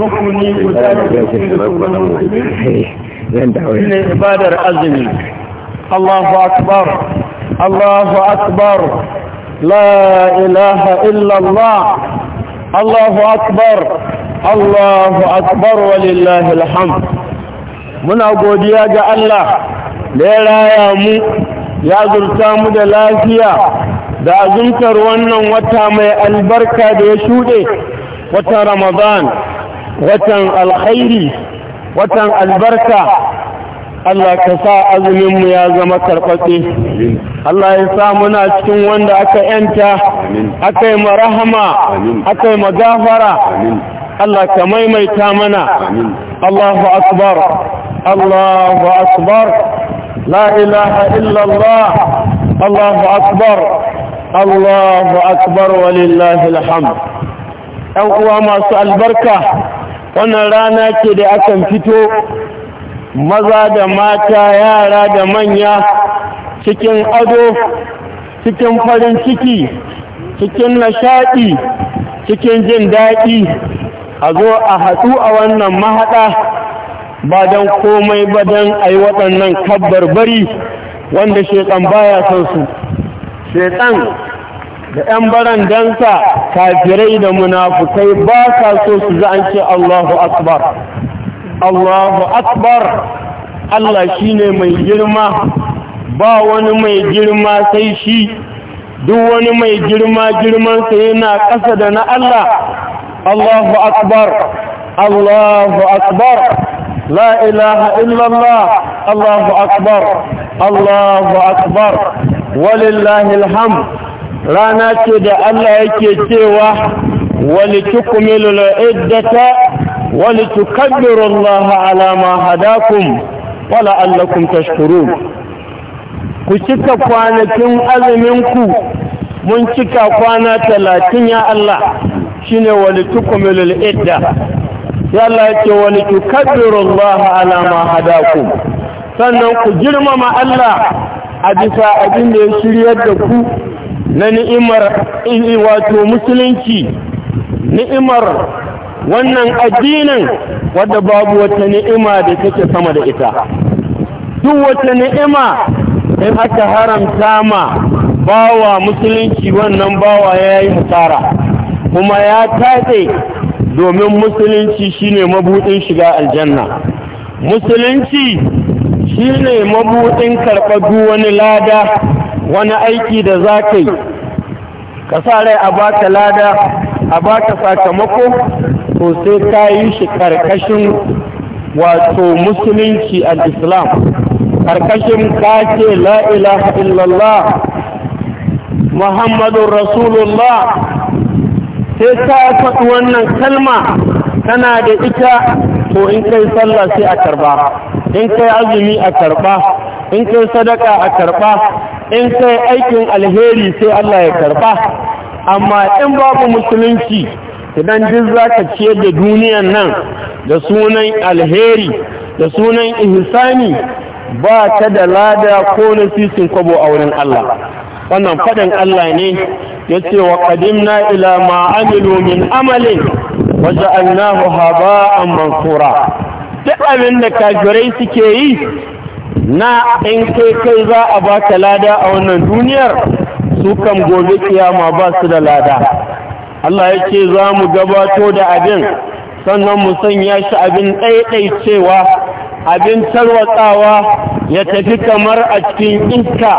rukuni guda azumi Allahu akbar Allahu akbar la ilaha illa Allahu akbar Allahu akbar walillahi alhamd muna godiya ga Allah da ya raya mu ya zurta mu da lafiya da azumtar wannan wata mai albarka da ya shuɗe wata ramadan watan alkhairi watan albarka Allah ka sa azumin mu ya zama karɓaɓe Allah ya sa muna cikin wanda aka yanta aka yi marahama aka yi magafara Allah ka maimaita mana Allahu akbar Allahu akbar la ilaha illallah Allahu akbar Allahu akbar walillahi alhamd ɗan uwa masu albarka wannan rana ke da akan fito maza da mata yara da manya cikin ado cikin farin ciki cikin nishaɗi cikin jin daɗi a zo a haɗu a wannan mahaɗa ba don komai ba don a yi waɗannan kabbar bari, wanda shekan baya son su shekan da ‘yan barandansa kafirai da munafukai ba ka so su za an ce Allahu Akbar. Allahu Akbar Allah shi ne mai girma ba wani mai girma sai shi duk wani mai girma girmansa yana ƙasa da na Allah. Allahu Akbar Allahu Akbar la ilaha illallah Allahu Akbar Allahu Akbar walillahi alhamd rana ce da Allah yake cewa wani tukumilul iddata wani tukabbiru Allah ala ma wala allakum tashkuru. ku cika kwanakin azuminku mun cika kwana talatin ya Allah shi ne wani tukumilul idda ya Allah yake wani tukabbiru Allah ala ma sannan ku girmama Allah a bisa abin da ya shiryar da ku na ni'imar eh, wato musulunci ni'imar wannan addinin wadda babu wata ni'ima da take sama da ita duk wata ni'ima in aka haramta ma bawa musulunci wannan bawa ya yi hasara kuma ya tatse domin musulunci shine mabuɗin shiga aljanna musulunci shine mabuɗin karɓar wani lada wani aiki da za ka yi ka sa rai a baka lada a baka sakamako to sai ka yi shi karkashin wato musulunci al-islam karkashin ka ce La'ilaha illallah muhammadun rasulullah sai ka faɗi wannan kalma tana da ita to in kai sallah sai a karba in kai azumi a karba in kai sadaka a karba in kai aikin alheri sai Allah ya karba amma in babu musulunci idan duk za ka ciyar da duniyan nan da sunan alheri da sunan ihsani ba ta da lada ko nasisin kwabo a wurin Allah wannan faɗin Allah ne ya ce wa ƙadimna ila ma'amilu min amalin waje annahu haba'an mansura duk abin da kafirai suke yi na in kai kai za a baka lada a wannan duniyar su kan gobe kiyama ba su da lada Allah ya ce za mu gabato da abin sannan mu sanya shi abin cewa abin tarwatsawa ya tafi kamar a cikin iska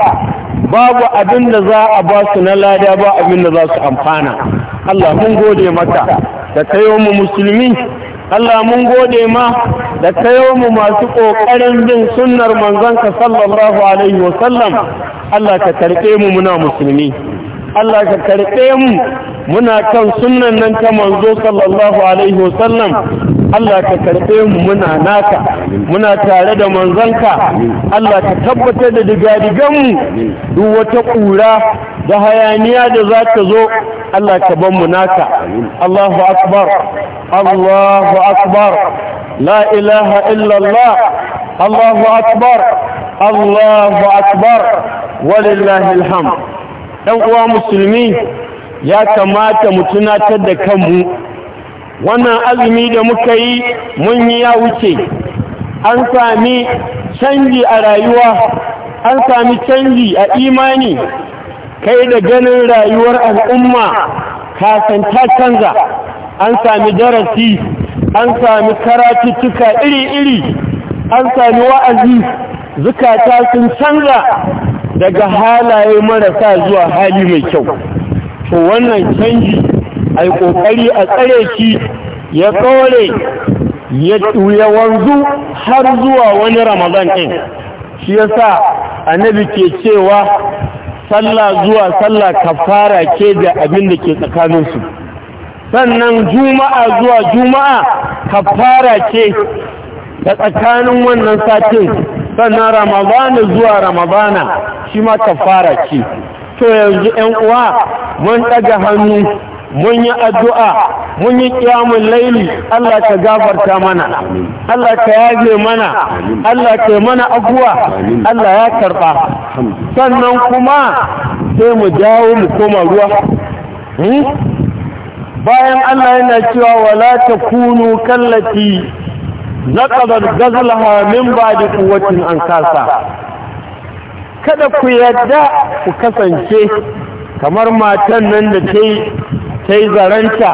babu abin da za a ba su na lada ba abin da za su amfana Allah mun gode maka da kayo mu musulmi Allah mun gode ma da kayo mu masu ƙoƙarin bin sunnar manzanka sallallahu alaihi sallam. Allah ka karɓe mu muna musulmi Allah ka karɓe mu muna kan sunnan nan ta manzo sallallahu alaihi wasallam Allah ka karɓe mu muna naka muna tare da manzanka Allah ka tabbatar da digadiganmu duk wata ƙura da hayaniya da za ta zo Allah ka ban mu naka Allahu akbar Allahu akbar la ilaha illallah Allahu akbar Allahu akbar walillahi alhamd dan uwa musulmi ya kamata mu tunatar da kanmu wannan azumi da muka yi mun yi ya wuce an sami canji a rayuwa an sami canji a imani kai da ganin rayuwar al'umma kasanta canza an sami darasi an sami karatuttuka iri-iri an sami wa'azi zukata sun canza daga halaye marasa zuwa hali mai kyau to wannan canji ai ƙoƙari a tsare shi ya kawale ya wanzu har zuwa wani ramadan ɗin shi ya yasa annabi ke cewa sallah zuwa sallah kafara ke da abin da ke tsakaninsu sannan juma'a zuwa juma'a kafara ke da tsakanin wannan satin sannan ramadana zuwa ramadana shi ma kafara ce to yanzu ‘yan uwa mun ɗaga hannu mun yi addu'a mun yi ƙyamun laili Allah ka gafarta mana Allah ka yage mana Allah ka mana abuwa Allah ya karɓa sannan kuma sai mu dawo mu koma ruwa hmm? bayan Allah yana cewa wala ta kunu kallafi zaƙabar gazalha min ba da kuwacin an kasa kada ku yadda ku kasance kamar matan nan da ta yi ta yi zaranta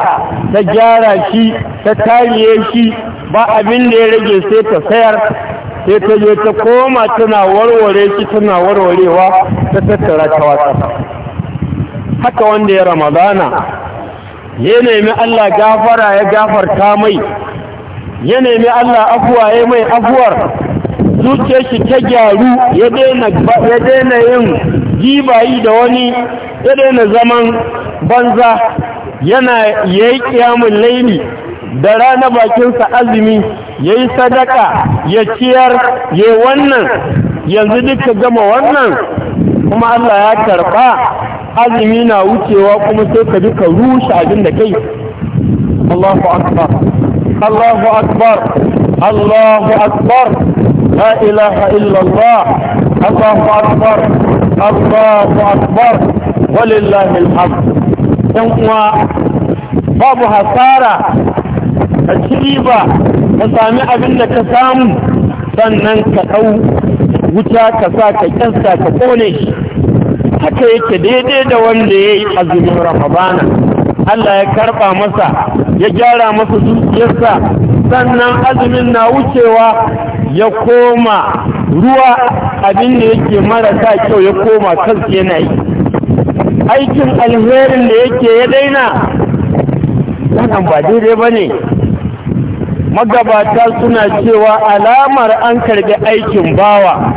ta gyara shi ta tariye shi ba abin da ya rage sai ta sayar sai ta je ta koma tana warware shi tana warwarewa ta tattara ta wata haka wanda ya ramadana ya nemi Allah gafara ya gafarta mai ya nemi Allah afuwa ya mai afuwar zuciyar shi ta gyaru ya daina yin gibayi da wani ya daina zaman banza yana yayi kiyamun laili da rana bakinsa azumi ya yi sadaka ya ciyar ya wannan yanzu duka gama wannan kuma Allah ya karba azumi na wucewa kuma sai ka duka rushe abin da kai Allahu akbar Allahu akbar Allahu akbar لا إله إلا الله الله أكبر الله أكبر ولله الحمد ثم babu hasara ka ci ba ka sami abin da ka samu sannan ka ɗau wuta ka sa ka kyansa ka ƙone haka yake daidai da wanda ya yi azumin ramadana Allah ya karɓa masa ya gyara masa zuciyarsa sannan azumin na wucewa ya koma ruwa abin da yake marasa kyau ya koma kansa yana yi aikin alherin da yake ya daina wannan ba daidai ba ne magabata suna cewa alamar an karbi aikin bawa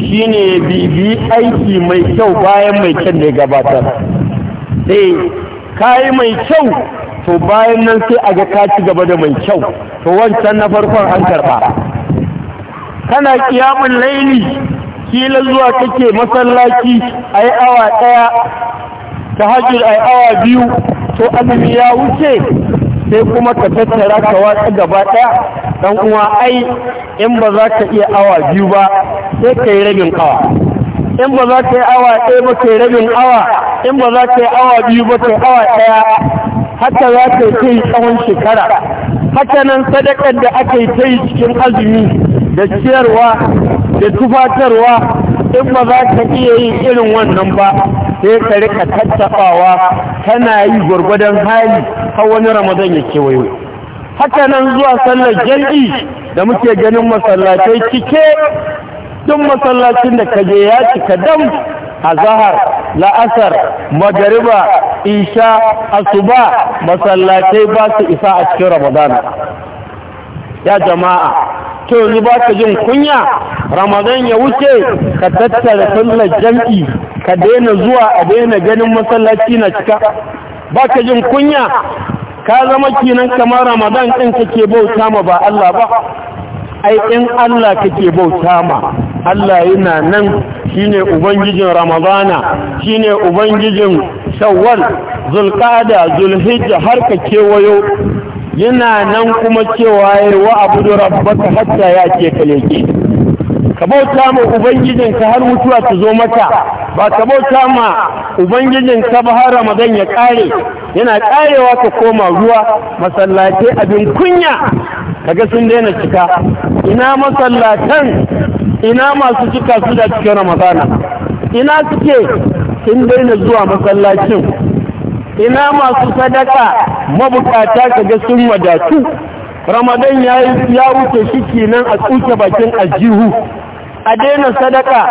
shine bibi aiki mai kyau bayan mai kyan da ya gabatar eh, ka kayi mai kyau to bayan nan sai a ga ka ci gaba da mai kyau to wancan na farkon an karɓa kana kiyamun laili kila zuwa kake masallaci a yi awa ɗaya ta hajjir a yi awa biyu to azumi ya wuce sai kuma ka tattara ka watsa gaba ɗaya dan uwa ai in ba za ka iya awa biyu ba sai ka yi rabin awa in ba za ka yi awa ɗaya ba ka yi rabin awa in ba za ka yi awa biyu ba ka yi awa ɗaya haka za ta ta yi tsawon shekara hakanan nan sadakar da aka yi ta yi cikin azumi da ciyarwa da tufatarwa in ba za ka iya yin irin wannan ba sai ka rika tattaɓawa tana yi gwargwadon hali har wani ramadan ya kewayo hakanan nan zuwa sallar jam'i da muke ganin masallatai cike duk masallacin da ka je ya cika dam a zahar la'asar magariba isha asuba masallatai ba su isa a cikin ramadan ya jama'a to yanzu ba ka jin kunya ramadan ya wuce ka tattara sallar jam'i ka daina zuwa a daina ganin masallaci na cika ba ka jin kunya ka zama kinan kamar ramadan ɗin kake bauta ma ba Allah ba ai in Allah kake bauta ma Allah yana nan shine ubangijin ramadana shine ubangijin shawwal zulqada zulhijja har ka kewayo yana nan kuma cewa ya wa abudu rabbaka hatta yake kaleke ka bauta ma ubangijinka har mutuwa ta zo maka ba ka bauta ma ubangijinka ba har ramadan ya kare yana karewa ka koma ruwa masallatai abin kunya kaga sun daina cika ina masallatan ina masu cika su da cikin ramadana ina suke sun daina zuwa masallacin ina masu sadaka mabukata kaga sun wadatu ramadan ya wuce shi kenan a tsuke bakin ajihu a daina sadaka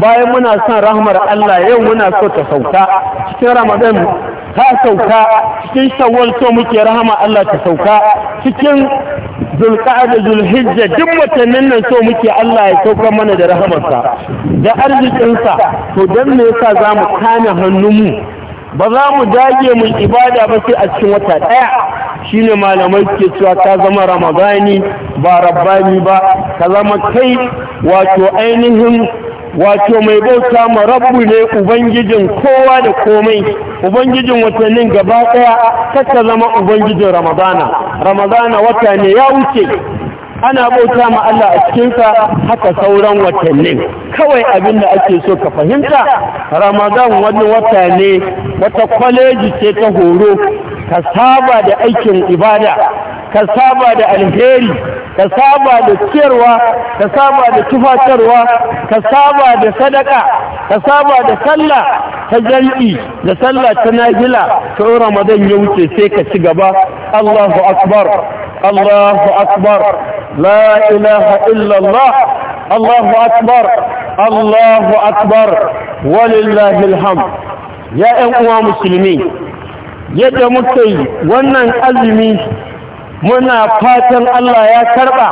bayan muna son rahmar Allah yau muna so ta sauka cikin Ramadan ta sauka cikin Shawwal so muke rahama Allah ta sauka cikin da Zulhijja duk watannin nan so muke Allah ya sauka mana da rahamarsa da arzikinsa to dan me yasa za kame kana hannunmu ba za mu dage mu ibada ba sai a cikin wata ɗaya shine malamai ke cewa ka zama ramagani ba rabbani ba ka zama kai wato ainihin wato mai bauta ma rabbu ne ubangijin kowa da komai ubangijin watannin gaba ɗaya ka zama ubangijin ramadana ramadana wata ne ya wuce ana bauta ma Allah a cikinsa haka sauran watannin kawai abin da ake so ka fahimta ramadan wani wata ne wata kwaleji ce ta horo ka saba da aikin ibada ka saba da alheri ka saba da ciyarwa ka saba da tufatarwa ka saba da sadaka ka saba da sallah ta jam'i da sallah ta nafila ta ramadan ya wuce sai ka ci gaba Allahu akbar Allahu akbar la ilaha illallah Allahu akbar Allahu akbar walillahil hamd ya ƴan uwa musulmi yadda muke wannan azumi muna fatan Allah ya karɓa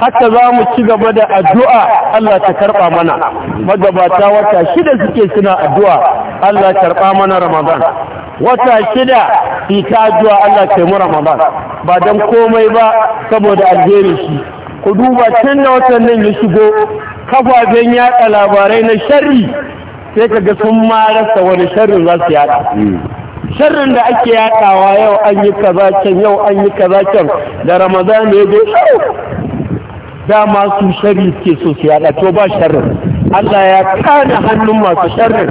haka za mu ci gaba da addu'a Allah ta karɓa mana magabata wata shida suke suna addu'a Allah karɓa mana Ramadan wata shida ta addu'a Allah kai mu Ramadan ba don komai ba saboda aljeri shi ku duba tun da watannin ya shigo kafafen yaɗa labarai na sharri sai ka ga sun marasa wani shari za su yaɗa sharrin da ake yadawa yau an yi kaza can yau an yi kaza can da ramadan ne dai da masu sharri ke so su yada to ba sharrin Allah ya kana hannun masu sharrin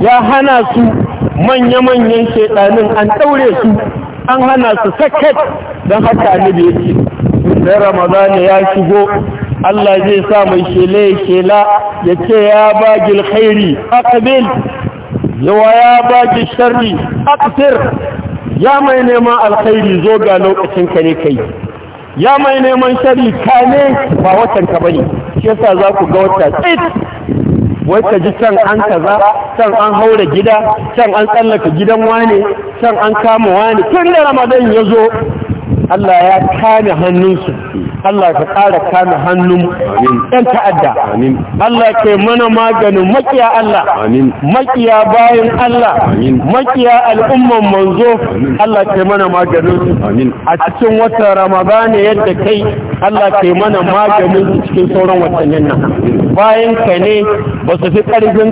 ya hana su manya-manyan shekarun an daure su an hana su sakat don haka annabi yake da ramadan ya shigo Allah zai sa mai shela ya ce ya bagil khairi aqbil yawa ya baki sharri aqtir ya mai neman alkhairi zo ga lokacin ka ne kai ya mai neman sharri ka ne ba watan ka bane shi yasa za ku ga wata tsit wata ji can an kaza can an haura gida can an tsallaka gidan wane can an kama wane tun da ramadan ya zo Allah ya kame hannunsu Allah ka ƙara kame hannun ɗan ta'adda Allah ka yi mana maganin makiya Allah makiya bayan Allah makiya al'umman manzo Allah ka yi mana maganin a cikin watan ramadana yadda kai Allah ka yi mana maganin cikin sauran watannin nan bayan ka ne ba su fi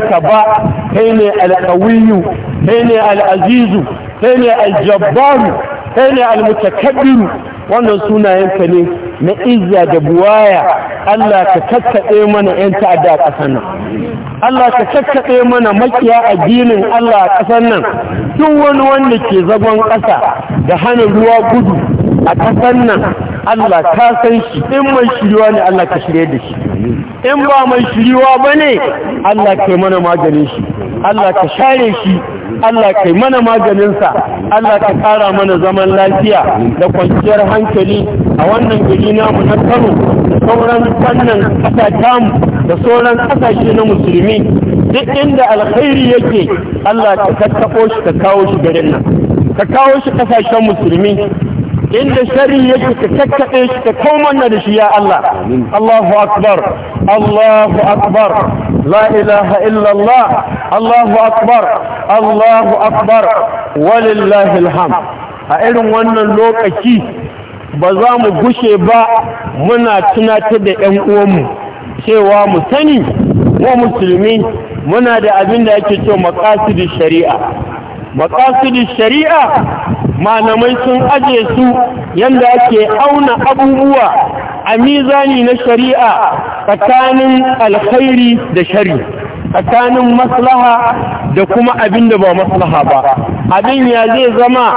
ka ba kai ne alƙawiyu kai ne al'azizu kai ne aljabbaru kai ne Almutakabiru? wannan sunayenka ne na izza da buwaya Allah ka kakkaɗe mana 'yan ta'adda a ƙasar nan Allah ka kakkaɗe mana makiya addinin Allah a ƙasar nan duk wani wanda ke zagon ƙasa da hana ruwa gudu a ƙasar nan Allah ka san shi in mai shiriwa ne Allah ka shirye da shi in ba mai shiriwa ba ne Allah ka yi mana maganin shi Allah ka share shi Allah kai mana maganinsa Allah ka kara mana zaman lafiya da kwanciyar hankali a wannan gari namu na Kano da sauran sannan ƙasa da sauran ƙasashe na musulmi duk inda alkhairi yake Allah ka shi ka kawo shi garin nan ka kawo shi ƙasashen musulmi inda shari yake ka kakkaɓe shi ka na da shi ya Allah Allahu akbar Allahu akbar la ilaha illallah Allahu akbar Allahu akbar walillahi alham a irin wannan lokaci ba za mu gushe ba muna tunatar da yan uwanmu cewa mu sani wa musulmi muna da abin da ake kyau maqasidish shari'a maqasidin shari'a malamai sun aje su yanda ake auna abubuwa a mizani na shari'a tsakanin alkhairi da shari tsakanin maslaha da kuma abin da ba maslaha ba abin ya zai zama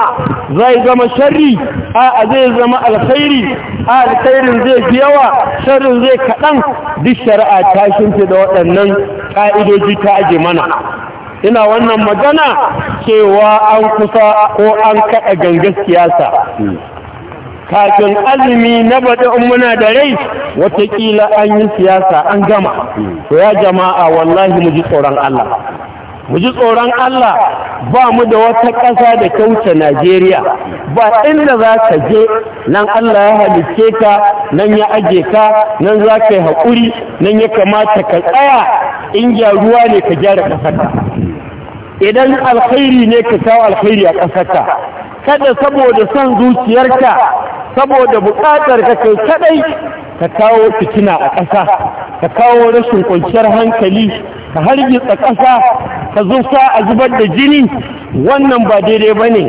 zai zama shari a zai zama alkhairi a alkhairin zai fi yawa sharrin zai kaɗan duk shari'a ta shimfi da waɗannan ƙa'idoji ta aje mana ina wannan magana cewa an kusa ko an kaɗa gangar siyasa kafin azumi na baɗi in muna da rai watakila an yi siyasa an gama to ya jama'a wallahi mu ji tsoron Allah mu ji tsoron Allah ba mu da wata ƙasa da kyauta Najeriya ba inda za ka je nan Allah ya halicce ka nan ya aje ka nan za ka yi haƙuri nan ya kamata ka tsaya in gyaruwa ne ka gyara ƙasarka idan alkhairi ne ka kawo alkhairi a ƙasarka kada saboda son zuciyarka saboda buƙatar ka kai kadai ka kawo fitina a ƙasa ka kawo rashin kwanciyar hankali ka hargitsa ƙasa ka zo a zubar da jini wannan ba daidai ba ne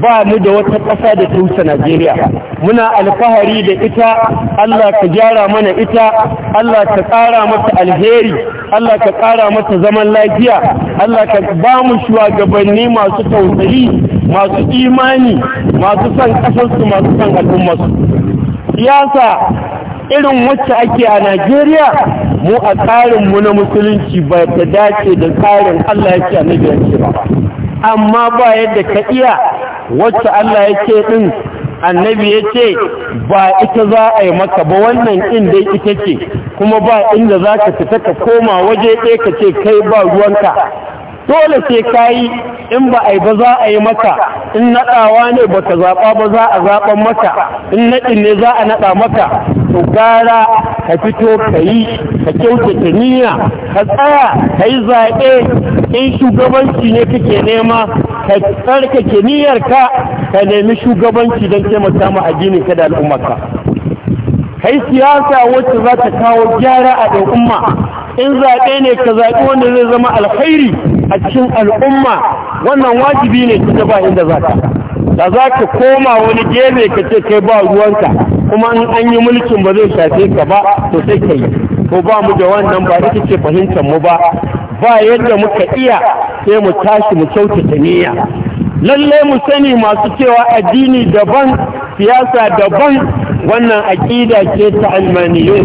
ba mu da wata ƙasa da ta wuce Najeriya muna alfahari da ita Allah ka gyara mana ita Allah ka ƙara mata alheri Allah ka ƙara mata zaman lafiya Allah ka ba mu shugabanni masu tausayi masu imani masu son ƙasarsu masu son al'ummarsu siyasa irin wacce ake a Najeriya mu a tsarin mu na musulunci ba ta dace da tsarin Allah yake a Najeriya ba amma ba yadda ka iya wacce Allah yake din annabi ya ce ba ita za a yi maka ba wannan inda ita ce kuma ba inda za ka fita ka koma waje ɗaya ka ce kai ba ruwanka dole sai ka yi in ba a yi ba za a yi maka in naɗawa ne ba ka zaɓa ba za a zaɓan maka in naɗin ne za a naɗa maka to gara ka fito ka yi ka kyautata niyya ka tsaya ka yi zaɓe in shugabanci ne kake nema ka tsarkake niyyarka ka nemi shugabanci don taimaka ma addinin ka da al'ummarka kai siyasa wacce za ta kawo gyara a al'umma in zaɓe ne ka zaɓi wanda zai zama alkhairi a cikin al'umma wannan wajibi ne ta ba inda za ka da za ka koma wani gefe ka ce kai ba ruwanka kuma in an yi mulkin ba zai shafe ka ba to sai ka yi ko ba mu da wannan ba ita ce fahimtar mu ba ba yadda muka iya sai mu tashi mu kyautata niyya lallai mu sani masu cewa addini daban siyasa daban wannan aƙida ce ta almaniyo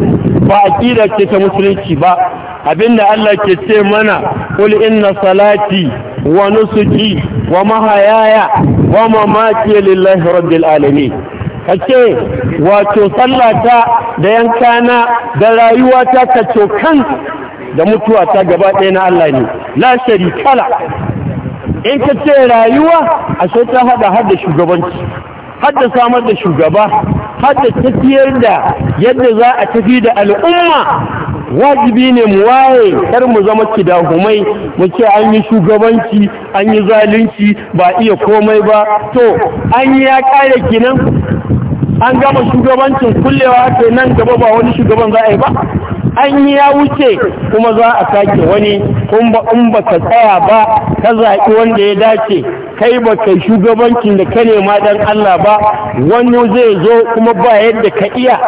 ba aƙida ce ta musulunci ba abinda Allah ke ce mana kul inna salati wa nusuki wa mahayaya wa mamaki lillahi rabbil alamin kace wato sallata da yankana da rayuwata ka cokan da mutuwa ta gaba ɗaya na Allah ne la sharikala in ka ce rayuwa ashe ta hada da shugabanci da samar da shugaba har da tafiyar da yadda za a tafi da al'umma wajibi ne mu waye kar mu zama kidahumai mu ce an yi shugabanci an yi zalunci ba iya komai ba to an yi ya kare kinan an gama shugabancin kullewa ke nan gaba ba wani shugaban za a yi ba an yi ya wuce kuma za a sake wani kuma in ba ka tsaya ba ka zaƙi wanda ya dace kai ba kai shugabancin da ka nema dan Allah ba wani zai zo kuma ba yadda ka iya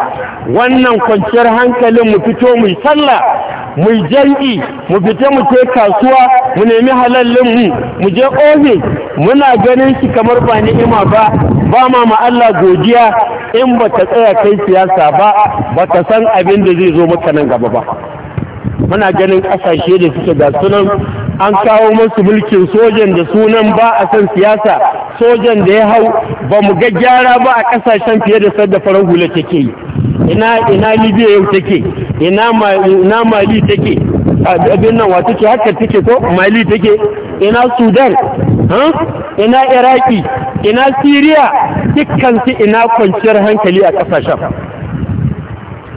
wannan kwanciyar hankalin mu fito mu sallah mu jam'i mu fita mu kai kasuwa mu nemi halallin mu mu je ofis muna ganin shi kamar ba ni'ima ba ba ma ma Allah godiya in ba ta tsaya kai siyasa ba ba ta san abin da zai zo maka nan gaba ba muna ganin ƙasashe da suke ga sunan an kawo masu mulkin sojan da sunan ba a san siyasa sojan da ya hau ba mu ga gyara ba a kasashen fiye da sadda farar hula take yi ina ina libya yau take ina ina mali take abin nan wa take haka take ko mali take ina sudan ina iraki ina Syria? dukkan su ina kwanciyar hankali a kasashen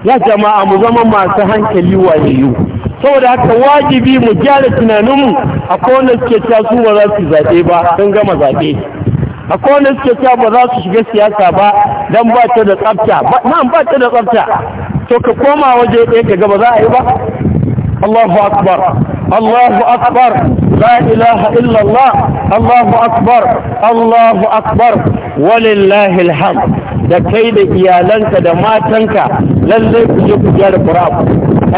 ya jama'a mu zama masu hankali wayayyu saboda haka wajibi mu gyara tunaninmu a kowane suke cewa su ba za su zaɓe ba don gama zaɓe A wanda suke cewa ba za su shiga siyasa ba don ba ta da tsafta na'am ba ta da tsafta to ka koma waje ɗaya ka gaba za a yi ba Allahu akbar Allahu akbar la ilaha illallah Allahu akbar Allahu akbar Walillahil alhamd da kai da iyalanka da matanka lallai ku je ku gyara ƙura'a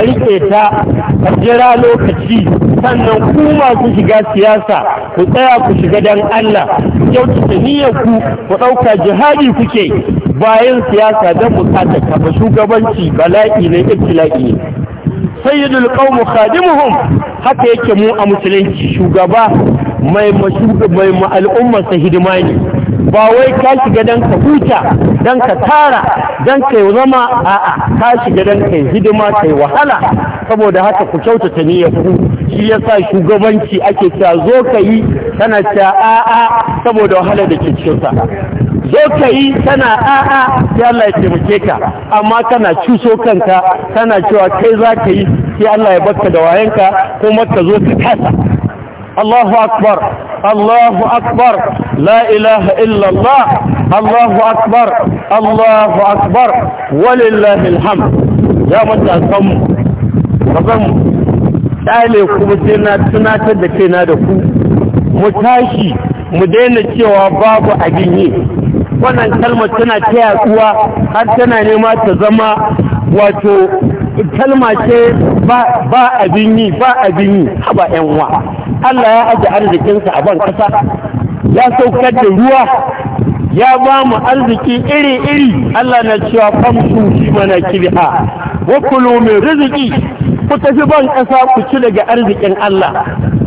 riƙe ta a jira lokaci sannan ku masu shiga siyasa ku tsaya ku shiga dan Allah ku kyautata niyyar ku ku ɗauka jihadi kuke bayan siyasa don bukatar ka shugabanci bala'i ne ibtila'i ne sayyidul qawm khadimuhum haka yake mu a musulunci shugaba mai mai al'ummar sa hidima ne ba wai ka shiga don ka huta don ka tara don ka yi zama a ka shiga don ka yi hidima ka yi wahala saboda haka ku kyautata niyyar ku shi ya sa shugabanci ake cewa zo ka yi tana cewa a'a saboda wahala da ke cikinsa zo ka yi tana a'a sai Allah ya taimake ka amma kana cuso kanka tana cewa kai za ka yi sai Allah ya baka da wayanka kuma ka zo ka kasa الله أكبر الله أكبر لا إله إلا الله الله أكبر الله أكبر ولله الحمد يا متى صموا صموا تعالي كبتنا تناتا دكينا دكو متاشي مدينة cewa babu abin yi wannan kalmar tana ta yaduwa har tana kalma ce ba abin yi ba abin yi haba yan wa Allah ya aje arzikinsa a ban kasa ya saukar da ruwa ya ba mu arziki iri-iri Allah na cewa famsu shi mana kirha wa kulu mai riziki ku tafi ban kasa ku ci daga arzikin Allah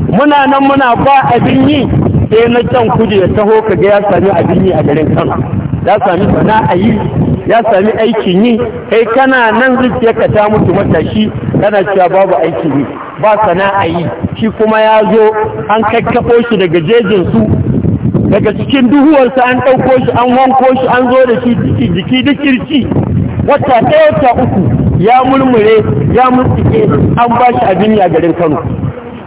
muna nan muna ba abin yi sai na can kuje ya taho ka ga ya sami abin yi a garin Kano. ya sami sana'a ya sami aikin yi kai kana nan ka ta mutu matashi kana cewa babu aiki yi ba sana'a shi kuma ya zo an kakkafo shi daga jejinsu daga cikin duhuwarsa an ɗauko shi an wanko shi an zo da shi jiki da kirci wata ɗaya wata uku ya murmure ya murtsike an ba shi abin ya garin kano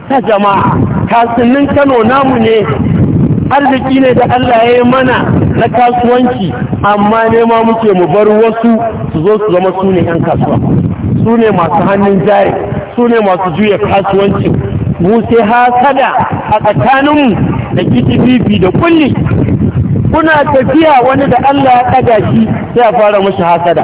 ta jama'a kasannin kano namu ne arziki ne da allah ya yi mana na kasuwanci amma nema muke mu bar wasu su zo su zama su ne 'yan kasuwa su masu hannun jari su masu juya kasuwanci. mu sai hasada a tsakaninmu da kitibibi da kulli kuna tafiya wani da Allah ya ɗaga shi sai a fara mashi hasada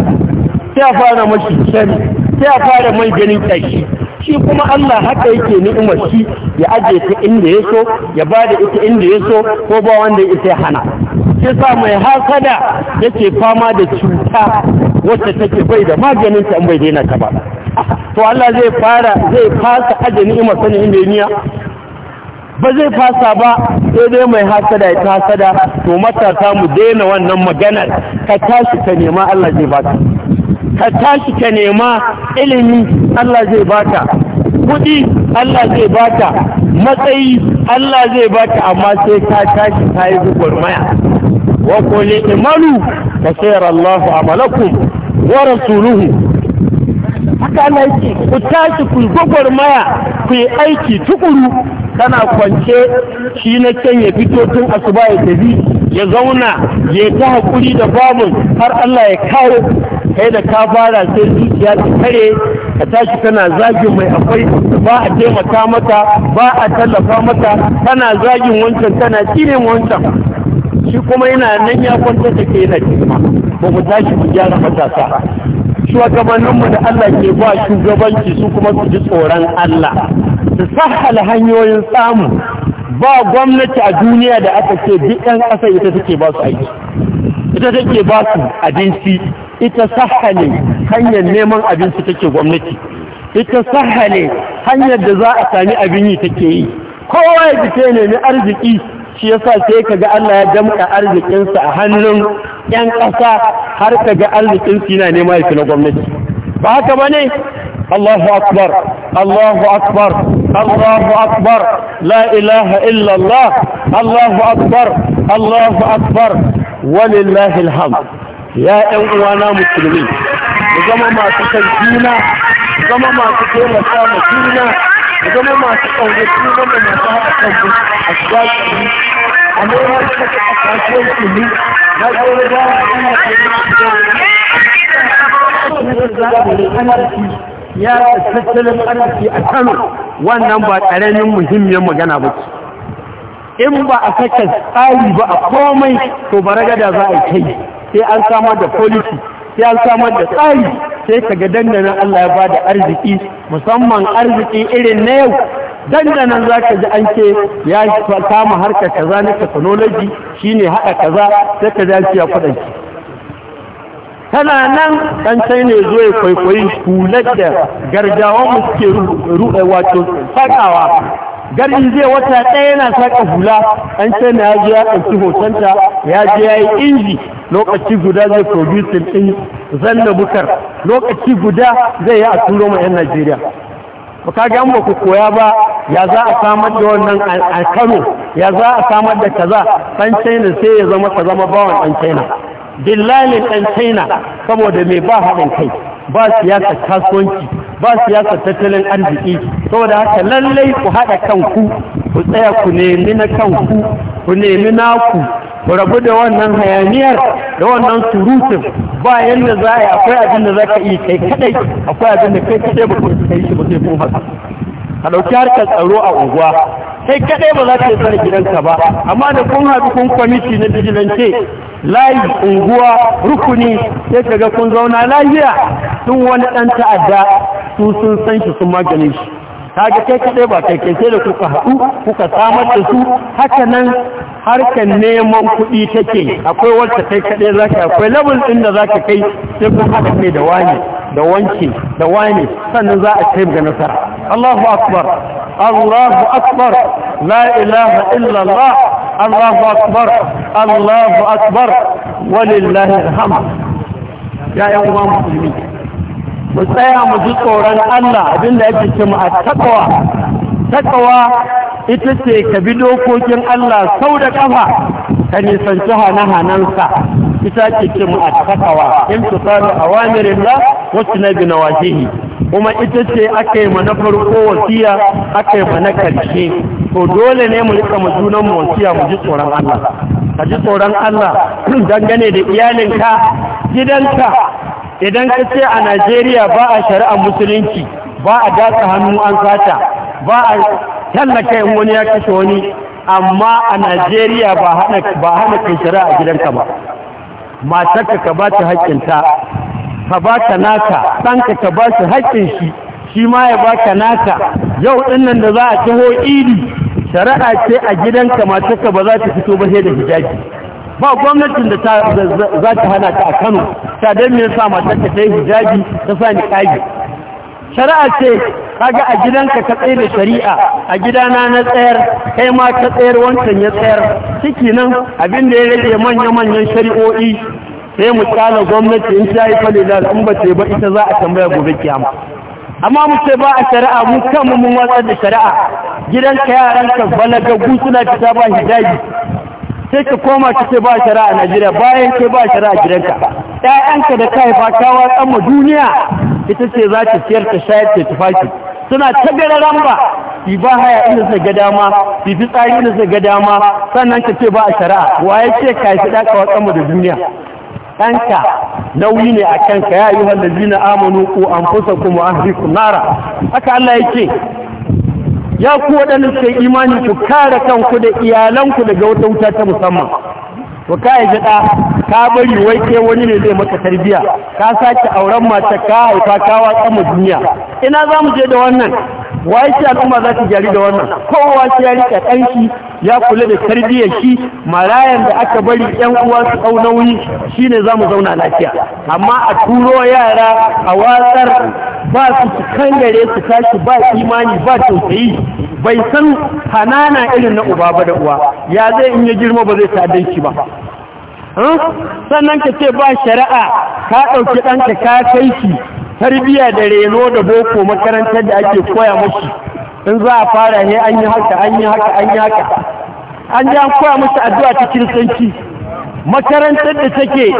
sai a fara mashi shari sai a fara mai ganin ƙashi shi kuma Allah haka yake ni'imar shi ya aje ta inda ya so ya ba da ita inda ya so ko ba wanda ita ya hana ke sa mai hasada yake fama da cuta wacce take bai da maganin ta bai daina ta ba to Allah zai fara zai fasa aje ni'imar sanin inda niya ba zai fasa ba sai dai mai hasada ya hasada to matasa mu daina wannan maganar ka tashi ka nema Allah zai baka ka tashi ka nema ilimi Allah zai baka kudi Allah zai baka matsayi Allah zai baka amma sai ka tashi ka yi maya. وقل اعملوا فسيرى الله عملكم ورسوله haka Allah yake ku tashi ku gwagwarmaya ku yi aiki tukuru kana kwance shi na can ya fito tun asuba ya tafi ya zauna ya ta hakuri da babun har Allah ya kawo kai da ka fara sai zuciya ta kare ka tashi kana zagin mai akwai ba a taimaka mata ba a tallafa mata kana zagin wancan kana cire wancan shi kuma yana nan ya kwanta da ke yana girma ba mu tashi mu gyara matasa shugabanninmu da Allah ke ba shugabanci su kuma su ji tsoron Allah su sahala hanyoyin samu ba gwamnati a duniya da aka ce duk ɗan ƙasa ita take ba su aiki ita take ba su abinci ita sahale hanyar neman abinci take gwamnati ita sahale hanyar da za a sami abin yi take yi kowa ya fita ne na arziki shi yasa sai ka ga Allah ya damka arzikinsa a hannun 'yan ƙasa har ka ga arzikinsu yana nema ya na gwamnati ba haka ba ne Allahu akbar Allahu akbar Allahu akbar la ilaha illallah Allahu akbar Allahu akbar walillahi alhamd ya ƴan uwana musulmi mu zama masu san juna zama masu taimaka ma juna da zama masu ƙaunar su zama masu haɗa kanku a shaƙi a noma suka ta a kasuwar kuli na ƙaure da ana ƙaure ya tattalin arziki a kano wannan ba ƙaramin muhimmiyar magana ba ce in ba a saka tsari ba a komai to ba ragada za a kai sai an samar da policy sai an samar da tsari sai ka ga dandanan Allah ya ba da arziki musamman arziki irin na yau dandanan za ka ji an ce ya kama harka kaza na technology ne haɗa kaza sai ka ji an ce ya kuɗanci tana nan ɗan sai ne zo ya kwaikwayi hular da gargawa mu suke wato faɗawa garin zai wata ɗaya yana saƙa hula an ce na ya je ya ɗauki hotonta ya je ya yi inji lokaci guda zai producing ɗin zanna bukar lokaci guda zai yi a turo ma 'yan najeriya ba ka ga ba ku koya ba ya za a samar da wannan a kano ya za a samar da kaza ɗan china sai ya zama ka zama bawan ɗan china dillalin ɗan china saboda mai ba haɗin kai ba siyasa kasuwanci ba siyasar tattalin arziki saboda haka lallai ku haɗa kanku ku tsaya ku nemi na kanku ku nemi naku ku rabu da wannan hayaniyar da wannan surutun ba yadda za a yi akwai abin da za ka yi kai kadai akwai abin da kai kadai ba ku kai shi ba sai kun haka a ɗauki harkar tsaro a unguwa kai kadai ba za ka yi tsara gidanka ba amma da kun haɗu kun kwamiti na vigilante layi unguwa rukuni sai ka ga kun zauna lafiya sun wani ɗan ta'adda su sun san shi sun maganin shi kaga kai kadai ba kai kai sai da kuka haɗu kuka samar da su haka nan harkar neman kuɗi take akwai wata kai kadai ka akwai labul ɗin da ka kai sai kun haɗa kai da wani da wanki da wani sannan za a kai ga nasara Allahu akbar Allahu akbar la ilaha illa Allah Allahu akbar Allahu akbar walillahi alhamd ya yan uwa musulmi mu tsaya mu ji tsoron Allah abin abinda yake cewa at-taqwa taqwa ita ce ka bi dokokin Allah sau da kafa ka nisanci hana-hanansa ita ce mu attaqawa in su a wamirin da wasu na bi kuma ita ce aka yi mana farko wasiya aka yi mana karshe to dole ne mu rika mu junan mu wasiya mu ji tsoron Allah ka ji tsoron Allah dangane da iyalinka gidanka idan ka ce a Najeriya ba a shari'ar musulunci ba a dasa hannu an sata ba a tallaka in wani ya kashe wani amma a Najeriya ba hana kai shari'a a gidanka ba matarka ka ba ta haƙƙinta ka ba ta naka ɗanka ka ba shi haƙƙin shi shi ma ya ba ka naka yau ɗinnan da za a taho iri shari'a ce a gidanka matarka ba za ta fito ba sai da hijabi ba gwamnatin da za ta hana ta a kano ta don me yasa matarka ta yi hijaji ta sa ni ƙagi shari'a ce kaga a gidanka ka tsaye da shari'a a gidana na tsayar kai ma ka tsayar wancan ya tsayar ciki nan abin da ya rage manya-manyan shari'o'i sai mu tsala gwamnati in ta yi falila in ba ce ba ita za a tambaya gobe kiyama amma mu ce ba a shari'a mu kanmu mun watsar da shari'a gidanka yaranka balagagu suna fita ba hijabi sai ka koma ka ce ba shari'a a Najeriya bayan ke ba shari'a gidanka Ya'yanka da kai fa kawo watsan duniya ita ce za ta siyar ta shayar ta tufafi. suna ta gara ba ki ba haya inda suka ga dama ki fi tsari inda suka ga dama sannan ka ce ba a shari'a waye ce ka haifi ɗaka watsan tsamma da duniya ɗanka nauyi ne a kanka ya yi wanda zina amonu ko an fusa kuma an nara haka Allah ya ce. ya ku waɗanda suka yi imani ku kare kanku da iyalanku daga wata wuta ta musamman to ka yi jiɗa ka bari wai ke wani ne zai maka tarbiyya? ka sake auren mace ka haifa ka watsa mu duniya ina za mu je da wannan wai ce al'umma za ta gyari da wannan kowa ce ya rika ɗanki ya kula da tarbiyyar shi marayan da aka bari ƴan uwa su ɗau nauyi shine za mu zauna lafiya amma a turo yara a watsar ba su su kangare su tashi ba imani ba tausayi bai san hanana irin na uba ba da uwa ya zai in ya girma ba zai ta'addanci ba sannan ka ce ba shari'a ka ɗauki ɗanka ka kai shi tarbiyya da reno da boko makarantar da ake koya mashi in za a fara ne an yi haka an yi haka an yi haka an ji an koya mashi addu'a ta kiristanci makarantar da take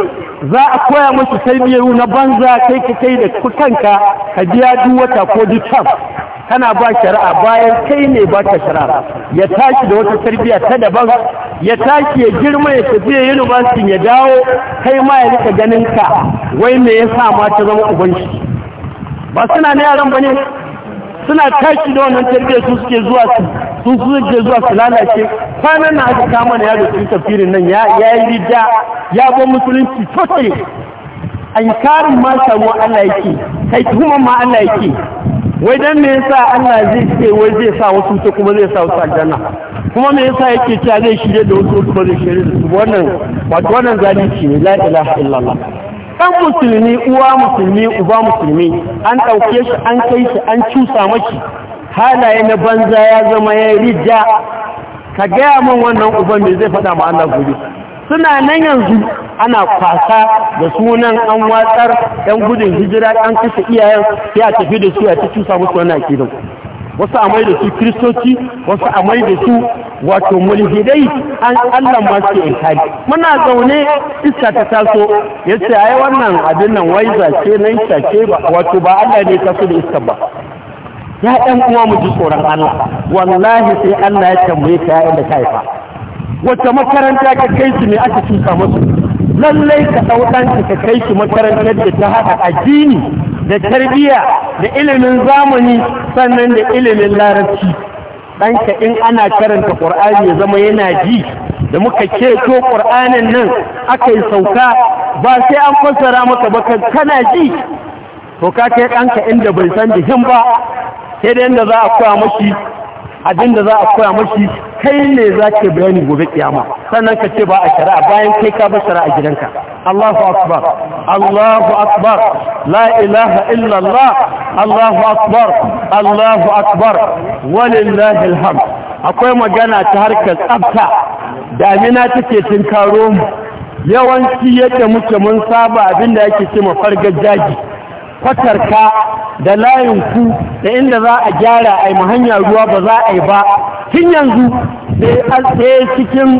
za a koya musu tarbiyyar na banza kai ka kai da kanka ka biya duk wata ko duk tam kana ba shari'a bayan kai ne ba ta shari'a ya tashi da wata tarbiyya ta daban ya tashi ya girma ya tafi ya yunibasitin ya dawo kai ma ya rika ganin ka wai me yasa ma ta zama shi? ba suna na yaran ba ne suna tashi da wannan tarbiyyar su suke zuwa su sun su zuke zuwa su lalace kwanan na aka kama da yadda sun tafirin nan ya yi rida ya bar musulunci sosai karin ma samu Allah yake kai tuhumar ma Allah yake wai dan me yasa Allah zai ce wai zai sa wasu ta kuma zai sa wasu aljanna kuma me yasa yake cewa zai shirye da wasu kuma zai shirye da su wannan wato wannan zalunci ne la ilaha illallah dan musulmi uwa musulmi uba musulmi an dauke shi an kai shi an cusa maki halaye na banza ya zama ya rija ka gaya min wannan uban me zai faɗa ma Allah gobe suna nan yanzu ana kwasa da sunan an watsar yan gudun hijira ɗan kashe iyayen sai a tafi da su a cikin samu su wannan akidan wasu a da su kristoci wasu a da su wato mulhidai an allah ma su inkari muna zaune iska ta taso ya ce yi wannan abin nan wai zace nan ce ba wato ba allah ne taso da iska ba ya ɗan uwa mu ji tsoron Allah wallahi sai Allah ya tambaye ka yayin da ka haifa wata makaranta ka kai su ne aka tuka musu lallai ka ɗau ɗanka ka kai su makarantar da ta haɗa addini da tarbiyya da ilimin zamani sannan da ilimin larabci ɗanka in ana karanta ƙur'ani ya zama yana ji da muka keto ƙur'anin nan aka yi sauka ba sai an fassara maka ba kana ji to ka kai ɗanka inda bai san jihin ba sai da yadda za a koya mashi abin da za a koya mashi kai ne za ke bayani gobe kiyama sannan ka ce ba a shari'a bayan kai ka ba shari'a gidanka Allahu akbar Allahu akbar la ilaha illa Allah Allahu akbar Allahu akbar walillahi alhamd akwai magana ta harkar tsafta damina take tinkaro mu yawanci yake muke mun saba abin da yake ce mafargar jaji kwatarka da layinku da inda za a gyara a yi hanyar ruwa ba za a yi ba tun yanzu sai cikin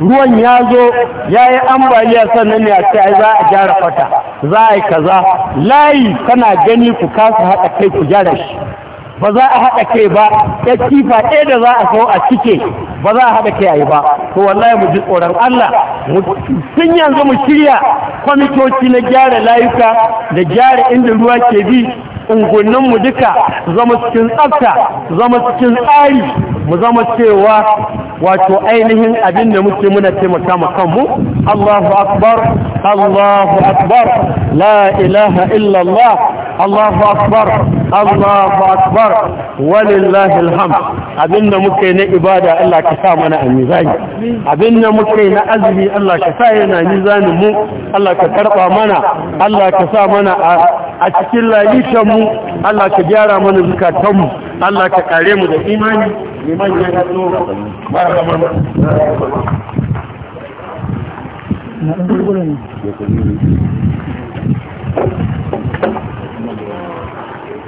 ruwan ya zo ya yi ambaliya sannan ne a ce ai za a gyara kwata za a yi kaza layi kana gani ku kasa haɗa kai ku gyara shi ba za a haɗa kai ba ya kifa ɗaya da za a kawo a cike ba za a haɗa kai a yi ba to wallahi mu ji tsoron Allah sun yanzu mu shirya kwamitoci na gyara layuka da gyara inda ruwa ke bi mu duka zama cikin tsafta zama cikin tsari mu zama cewa wato ainihin abin da muke muna taimaka ma kanmu Allahu akbar Allahu akbar la ilaha illallah Allahu akbar Allahu akbar walillahi alhamd abinda muke na ibada Allah ka sa mana a mizani abinda muke na azumi Allah ka sa yana mizani mu Allah ka karba mana Allah ka sa mana a cikin lalitan mu Allah ka gyara mana zukatan mu Allah ka kare mu da imani ya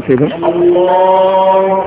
من سيدنا